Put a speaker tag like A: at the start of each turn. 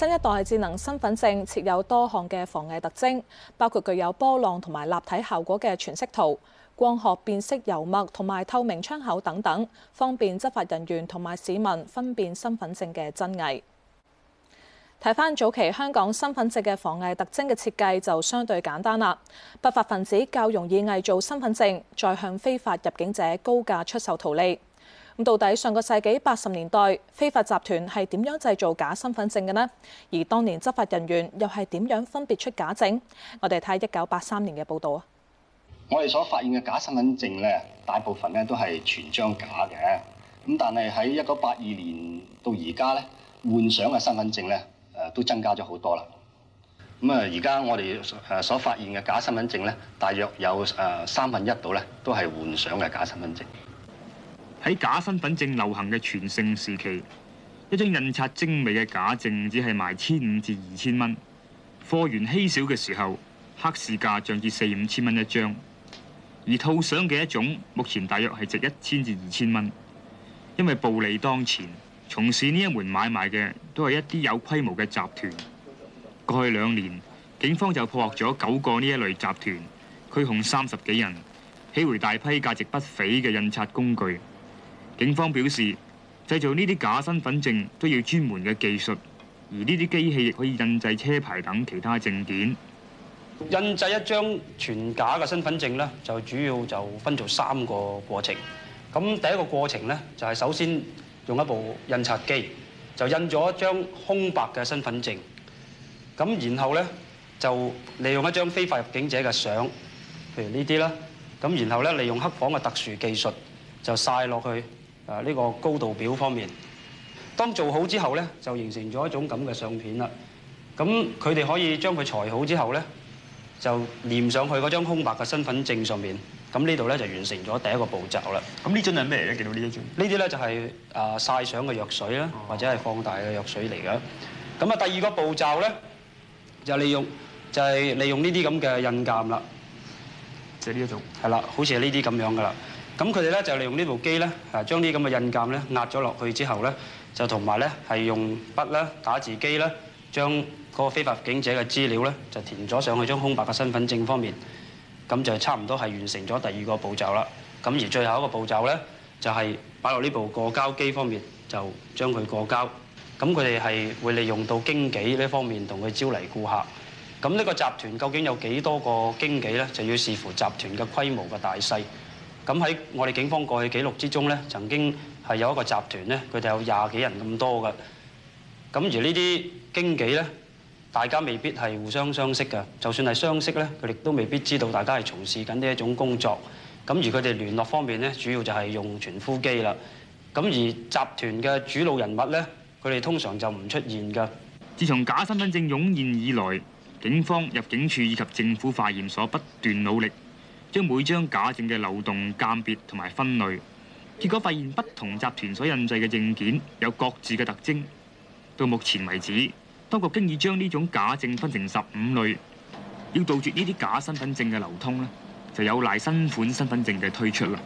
A: 新一代智能身份證設有多項嘅防偽特徵，包括具有波浪同埋立體效果嘅全息圖、光學變色油墨同埋透明窗口等等，方便執法人員同埋市民分辨身份證嘅真偽。睇翻早期香港身份證嘅防偽特徵嘅設計就相對簡單啦，不法分子較容易偽造身份證，再向非法入境者高價出售圖利。咁到底上個世紀八十年代非法集團係點樣製造假身份證嘅呢？而當年執法人員又係點樣分別出假證？我哋睇一九八三年嘅報道啊！
B: 我哋所發現嘅假身份證咧，大部分咧都係全張假嘅。咁但係喺一九八二年到而家咧，換相嘅身份證咧，誒都增加咗好多啦。咁啊，而家我哋誒所發現嘅假身份證咧，大約有誒三分一度咧，都係換相嘅假身份證。
C: 喺假身份證流行嘅全盛時期，一張印刷精美嘅假證只係賣千五至二千蚊。貨源稀少嘅時候，黑市價漲至四五千蚊一張。而套上嘅一種，目前大約係值一千至二千蚊。因為暴利當前，從事呢一門買賣嘅都係一啲有規模嘅集團。過去兩年，警方就破獲咗九個呢一類集團，拘控三十幾人，起回大批價值不菲嘅印刷工具。警方表示，製造呢啲假身份證都要專門嘅技術，而呢啲機器亦可以印製車牌等其他證件。印製一張全假
D: 嘅身份證呢，就主要就分做三個過程。咁第一個過程呢，就係首先用一部印刷機，就印咗一張空白嘅身份證。咁然後呢，就利用一張非法入境者嘅相，譬如呢啲啦。咁然後咧，利用黑房嘅特殊技術，就曬落去。啊！呢個高度表方面，當做好之後咧，就形成咗一種咁嘅相片啦。咁佢哋可以將佢裁好之後咧，就黏上去嗰張空白嘅身份證上面。咁呢度咧就完成咗第一個步驟啦。咁呢樽係咩嚟咧？見到呢一樽？呢啲咧就係啊曬相嘅藥水啦，或者係放大嘅藥水嚟嘅。咁啊，第二個步驟咧，就利用就係利用呢啲咁嘅印鑑啦。就係呢一種。係啦，好似係呢啲咁樣噶啦。咁佢哋咧就利用呢部機咧，啊將啲咁嘅印鑑咧壓咗落去之後咧，就同埋咧係用筆咧打字機咧，將嗰個非法入境者嘅資料咧就填咗上去，張空白嘅身份證方面，咁就差唔多係完成咗第二個步驟啦。咁而最後一個步驟咧，就係擺落呢部過膠機方面，就將佢過膠。咁佢哋係會利用到經紀呢方面，同佢招嚟顧客。咁呢個集團究竟有幾多個經紀咧？就要視乎集團嘅規模嘅大細。咁喺我哋警方過去記錄之中咧，曾經係有一個集團咧，佢哋有廿幾人咁多噶。咁而呢啲經紀咧，大家未必係互相相識噶。就算係相識咧，佢哋都未必知道大家係從事緊呢一種工作。咁而佢哋聯絡方面咧，主要就係用傳呼機啦。
C: 咁而集團嘅主腦人物咧，佢哋通常就唔出現噶。自從假身份證湧現以來，警方、入境處以及政府化驗所不斷努力。將每張假證嘅漏洞鑑別同埋分類，結果發現不同集團所印製嘅證件有各自嘅特徵。到目前為止，當局經已將呢種假證分成十五類。要杜絕呢啲假身份證嘅流通呢，就有賴新款身份證嘅推出啦。